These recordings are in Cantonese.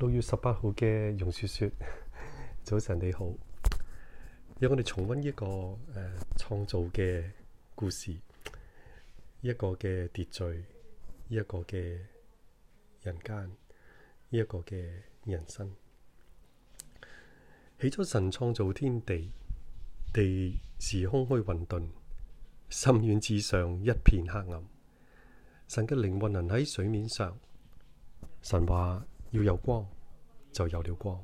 六月十八號嘅容雪雪，早晨你好，讓我哋重温一個誒創、呃、造嘅故事，一個嘅秩序，一個嘅人間，一個嘅人生。起初，神創造天地，地是空虛混沌，深淵之上一片黑暗。神嘅靈運行喺水面上，神話，要有光，就有了光。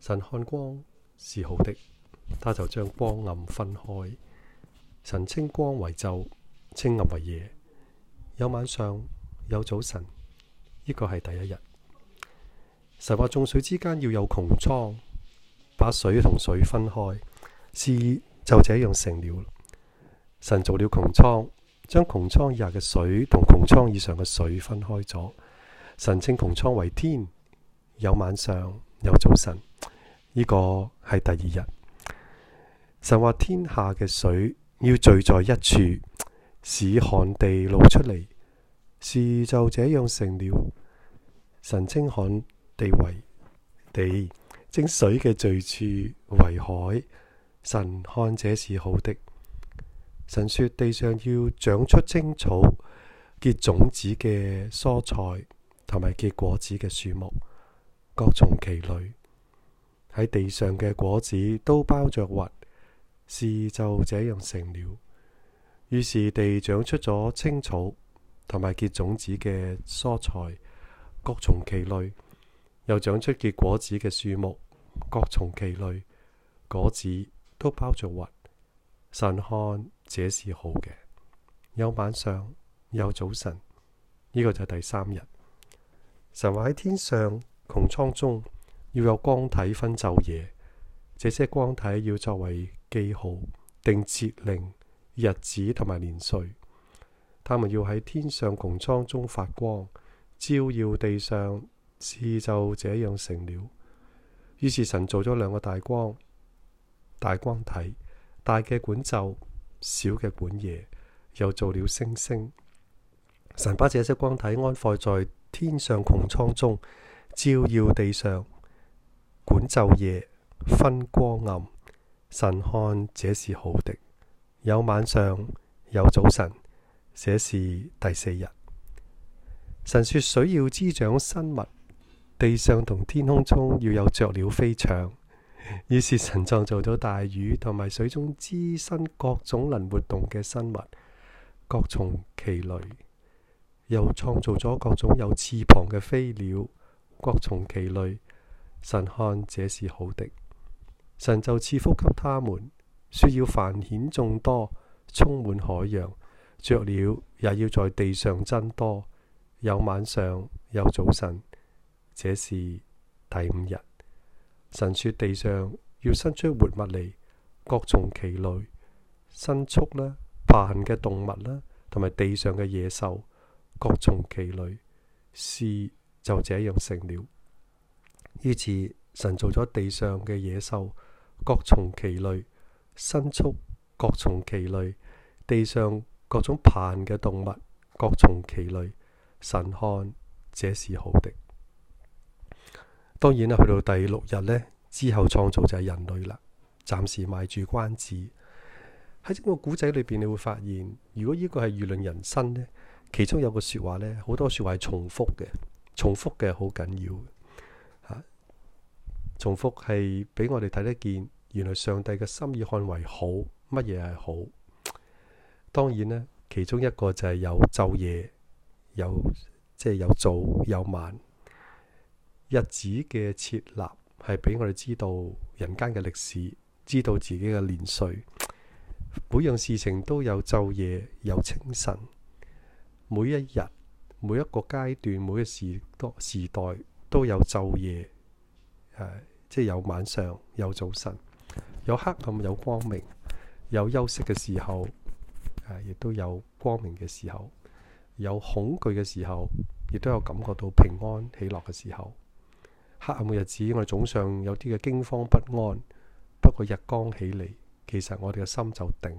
神看光是好的，他就將光暗分開。神稱光為晝，稱暗為夜。有晚上，有早晨，呢、這個係第一日。神話眾水之間要有穹蒼，把水同水分開，是就這樣成了。神做了穹蒼，將穹蒼以下嘅水同穹蒼以上嘅水分開咗。神稱穹蒼為天，有晚上，有早晨，呢、這個係第二日。神話天下嘅水要聚在一處，使旱地露出嚟，事就這樣成了。神稱旱地為地，稱水嘅聚處為海。神看這是好的。神說地上要長出青草，結種子嘅蔬菜。同埋結果子嘅樹木，各從其類。喺地上嘅果子都包着核，事就這樣成了。於是地長出咗青草，同埋結種子嘅蔬菜，各從其類；又長出結果子嘅樹木，各從其類。果子都包着核，神看這是好嘅。有晚上，有早晨，呢個就係第三日。神說喺天上穹蒼中要有光體，分晝夜，這些光體要作為記號，定節令、日子同埋年歲。他們要喺天上穹蒼中發光，照耀地上，事就這樣成了。於是神做咗兩個大光，大光體大嘅管晝，小嘅管夜，又做了星星。神把這些光體安放在。天上穹蒼中照耀地上，管晝夜分光暗。神看這是好的，有晚上有早晨，這是第四日。神說水要滋長生物，地上同天空中要有雀鳥飛翔。於是神創造咗大魚同埋水中滋生各種能活動嘅生物，各從其類。又創造咗各種有翅膀嘅飛鳥，各從其類。神看這是好的，神就賜福給他們，說要繁衍眾多，充滿海洋，雀鳥也要在地上增多，有晚上有早晨。這是第五日，神說地上要生出活物嚟，各從其類，牲畜啦、爬行嘅動物啦，同埋地上嘅野獸。各從其類，事就這樣成了。於是神做咗地上嘅野獸，各從其類；牲畜各從其類；地上各種爬嘅動物各從其類。神看這是好的。當然啦，去到第六日呢之後，創造就係人類啦。暫時賣住關子。喺整個古仔裏邊，你會發現，如果呢個係輿論人生呢。其中有個說話呢，好多說話係重複嘅，重複嘅好緊要、啊、重複係俾我哋睇得見，原來上帝嘅心意看為好，乜嘢係好。當然呢，其中一個就係有晝夜，有即係、就是、有早有晚，日子嘅設立係俾我哋知道人間嘅歷史，知道自己嘅年歲。每樣事情都有晝夜，有清晨。每一日，每一個階段，每一個時多時代，都有晝夜，誒、啊，即係有晚上，有早晨，有黑暗，有光明，有休息嘅時候，亦、啊、都有光明嘅時候，有恐懼嘅時候，亦都有感覺到平安喜樂嘅時候。黑暗嘅日子，我哋總想有啲嘅驚慌不安，不過日光起嚟，其實我哋嘅心就定。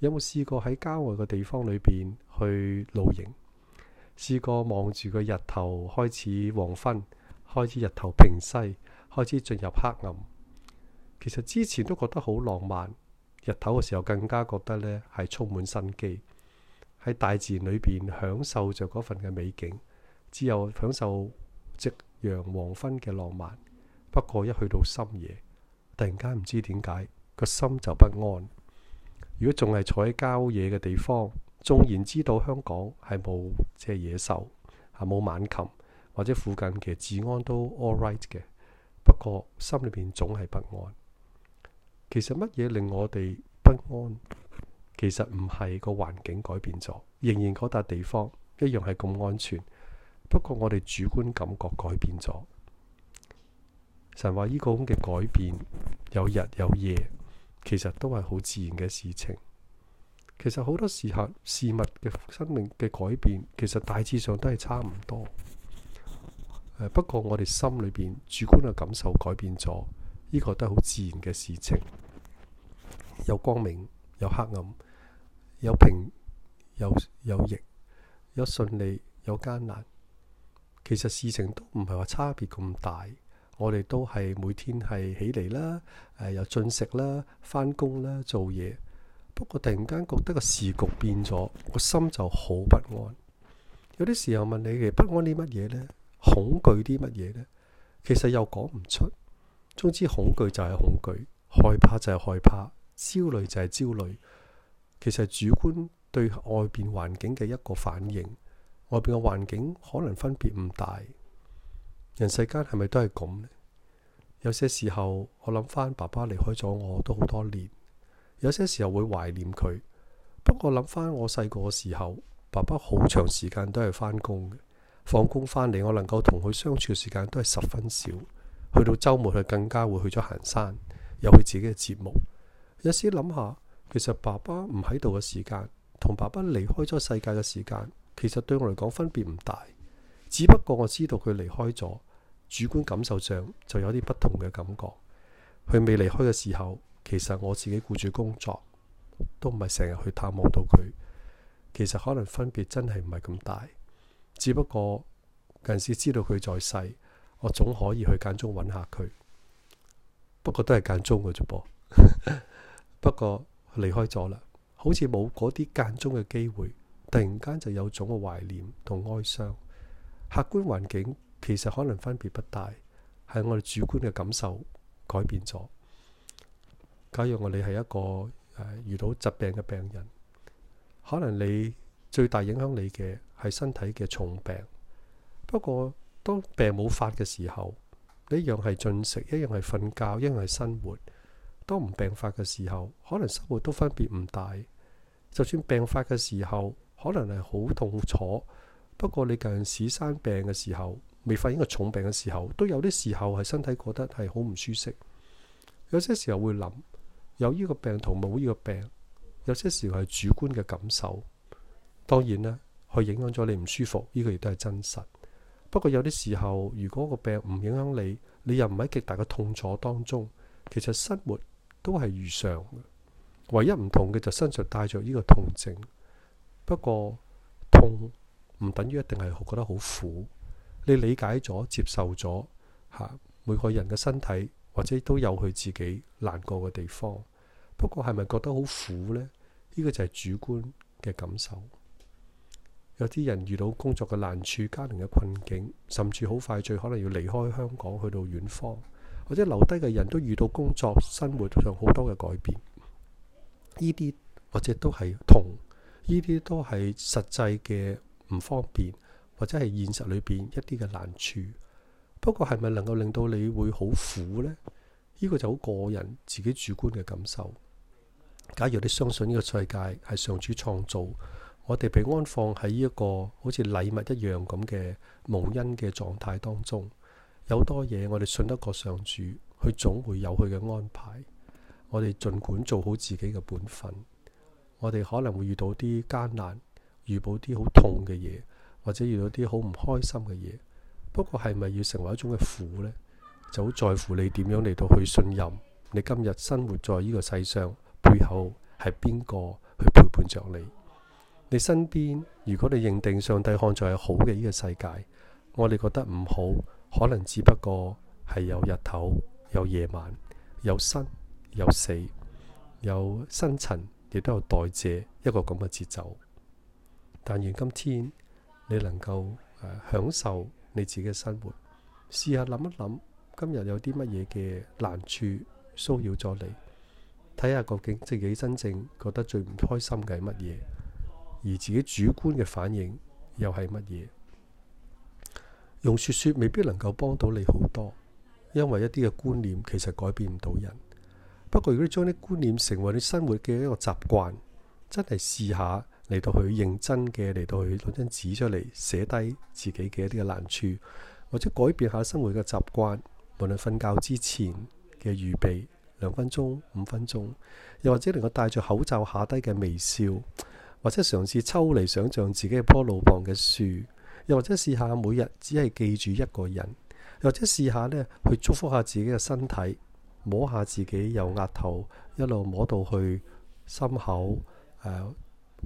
有冇試過喺郊外嘅地方裏邊？去露營，試過望住個日頭開始黃昏，開始日頭平西，開始進入黑暗。其實之前都覺得好浪漫，日頭嘅時候更加覺得呢係充滿生機，喺大自然裏邊享受着嗰份嘅美景，只有享受夕陽黃昏嘅浪漫。不過一去到深夜，突然間唔知點解，個心就不安。如果仲係坐喺郊野嘅地方。縱然知道香港係冇，即係野獸，係冇猛禽，或者附近嘅治安都 all right 嘅，不過心裏面總係不安。其實乜嘢令我哋不安？其實唔係個環境改變咗，仍然嗰笪地方一樣係咁安全，不過我哋主觀感覺改變咗。神話呢個咁嘅改變有日有夜，其實都係好自然嘅事情。其實好多時候事物嘅生命嘅改變，其實大致上都係差唔多。不過我哋心裏邊主觀嘅感受改變咗，呢個都係好自然嘅事情。有光明，有黑暗，有平，有有逆，有順利，有艱難。其實事情都唔係話差別咁大，我哋都係每天係起嚟啦，又進食啦，翻工啦，做嘢。不過突然間覺得個時局變咗，我心就好不安。有啲時候問你，嘅「不安」啲乜嘢呢？「恐懼」啲乜嘢呢？其實又講唔出。總之，恐懼就係恐懼，害怕就係害怕，焦慮就係焦慮。其實主觀對外邊環境嘅一個反應，外邊嘅環境可能分別唔大。人世間係咪都係咁呢？有些時候我諗翻，爸爸離開咗我都好多年。有些時候會懷念佢，不過諗翻我細個嘅時候，爸爸好長時間都係翻工嘅，放工翻嚟，我能夠同佢相處嘅時間都係十分少。去到周末，佢更加會去咗行山，有佢自己嘅節目。有時諗下，其實爸爸唔喺度嘅時間，同爸爸離開咗世界嘅時間，其實對我嚟講分別唔大。只不過我知道佢離開咗，主觀感受上就有啲不同嘅感覺。佢未離開嘅時候。其實我自己顧住工作，都唔係成日去探望到佢。其實可能分別真係唔係咁大，只不過近時知道佢在世，我總可以去間中揾下佢。不過都係間中嘅啫噃。 不過離開咗啦，好似冇嗰啲間中嘅機會，突然間就有種嘅懷念同哀傷。客觀環境其實可能分別不大，係我哋主觀嘅感受改變咗。假如我你係一個誒、啊、遇到疾病嘅病人，可能你最大影響你嘅係身體嘅重病。不過，當病冇發嘅時候，一樣係進食，一樣係瞓覺，一樣係生活。當唔病發嘅時候，可能生活都分別唔大。就算病發嘅時候，可能係好痛楚。不過，你近時生病嘅時候，未發應個重病未發現個重病嘅時候，都有啲時候係身體覺得係好唔舒適。有些時候會諗。有呢個病同冇呢個病，有些時候係主觀嘅感受，當然啦，佢影響咗你唔舒服，呢、呢個亦都係真實。不過有啲時候，如果個病唔影響你，你又唔喺極大嘅痛楚當中，其實生活都係如常。唯一唔同嘅就身上帶着呢個痛症。不過痛唔等於一定係好覺得好苦，你理解咗、接受咗，吓，每個人嘅身體。或者都有佢自己難過嘅地方，不過係咪覺得好苦呢？呢個就係主觀嘅感受。有啲人遇到工作嘅難處、家庭嘅困境，甚至好快最可能要離開香港去到遠方，或者留低嘅人都遇到工作、生活上好多嘅改變。呢啲或者都係同，呢啲都係實際嘅唔方便，或者係現實裏邊一啲嘅難處。不過係咪能夠令到你會好苦呢？呢、呢個就好個人自己主觀嘅感受。假如你相信呢個世界係上主創造，我哋被安放喺呢一個好似禮物一樣咁嘅蒙恩嘅狀態當中，有多嘢我哋信得過上主，佢總會有佢嘅安排。我哋盡管做好自己嘅本分，我哋可能會遇到啲艱難，遇到啲好痛嘅嘢，或者遇到啲好唔開心嘅嘢。不過係咪要成為一種嘅苦呢？就好在乎你點樣嚟到去信任你。今日生活在呢個世上背後係邊個去陪伴着你？你身邊，如果你認定上帝看在係好嘅呢個世界，我哋覺得唔好，可能只不過係有日頭有夜晚有生有死有新陳，亦都有代謝一個咁嘅節奏。但願今天你能夠、呃、享受。你自己嘅生活，試下諗一諗今日有啲乜嘢嘅難處騷擾咗你，睇下究竟自己真正覺得最唔開心嘅係乜嘢，而自己主觀嘅反應又係乜嘢？用説説未必能夠幫到你好多，因為一啲嘅觀念其實改變唔到人。不過如果你將啲觀念成為你生活嘅一個習慣，真係試下。嚟到去認真嘅，嚟到去攞張紙出嚟寫低自己嘅一啲嘅難處，或者改變下生活嘅習慣。無論瞓覺之前嘅預備兩分鐘、五分鐘，又或者能夠戴住口罩下低嘅微笑，或者嘗試抽離想象自己嘅棵路旁嘅樹，又或者試下每日只係記住一個人，又或者試下呢去祝福下自己嘅身體，摸下自己由額頭，一路摸到去心口，誒、啊。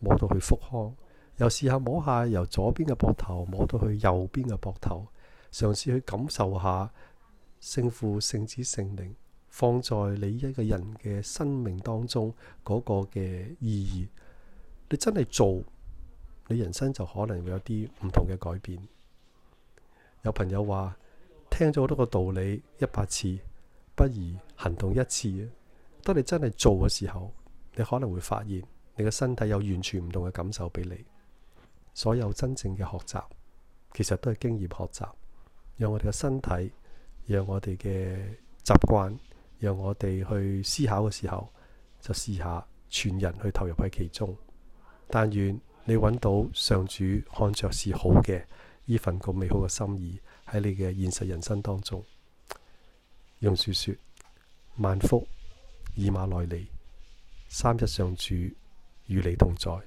摸到去腹腔，又試下摸下由左邊嘅膊頭摸到去右邊嘅膊頭，嘗試去感受下聖父、聖子、聖靈放在你一個人嘅生命當中嗰個嘅意義。你真係做，你人生就可能會有啲唔同嘅改變。有朋友話聽咗好多個道理，一百次不如行動一次啊！當你真係做嘅時候，你可能會發現。你嘅身體有完全唔同嘅感受俾你，所有真正嘅學習其實都係經驗學習，讓我哋嘅身體，讓我哋嘅習慣，讓我哋去思考嘅時候，就試下全人去投入喺其中。但願你揾到上主看着是好嘅呢份咁美好嘅心意喺你嘅現實人生當中。榕樹說：萬福以馬內利，三一上主，與你同在。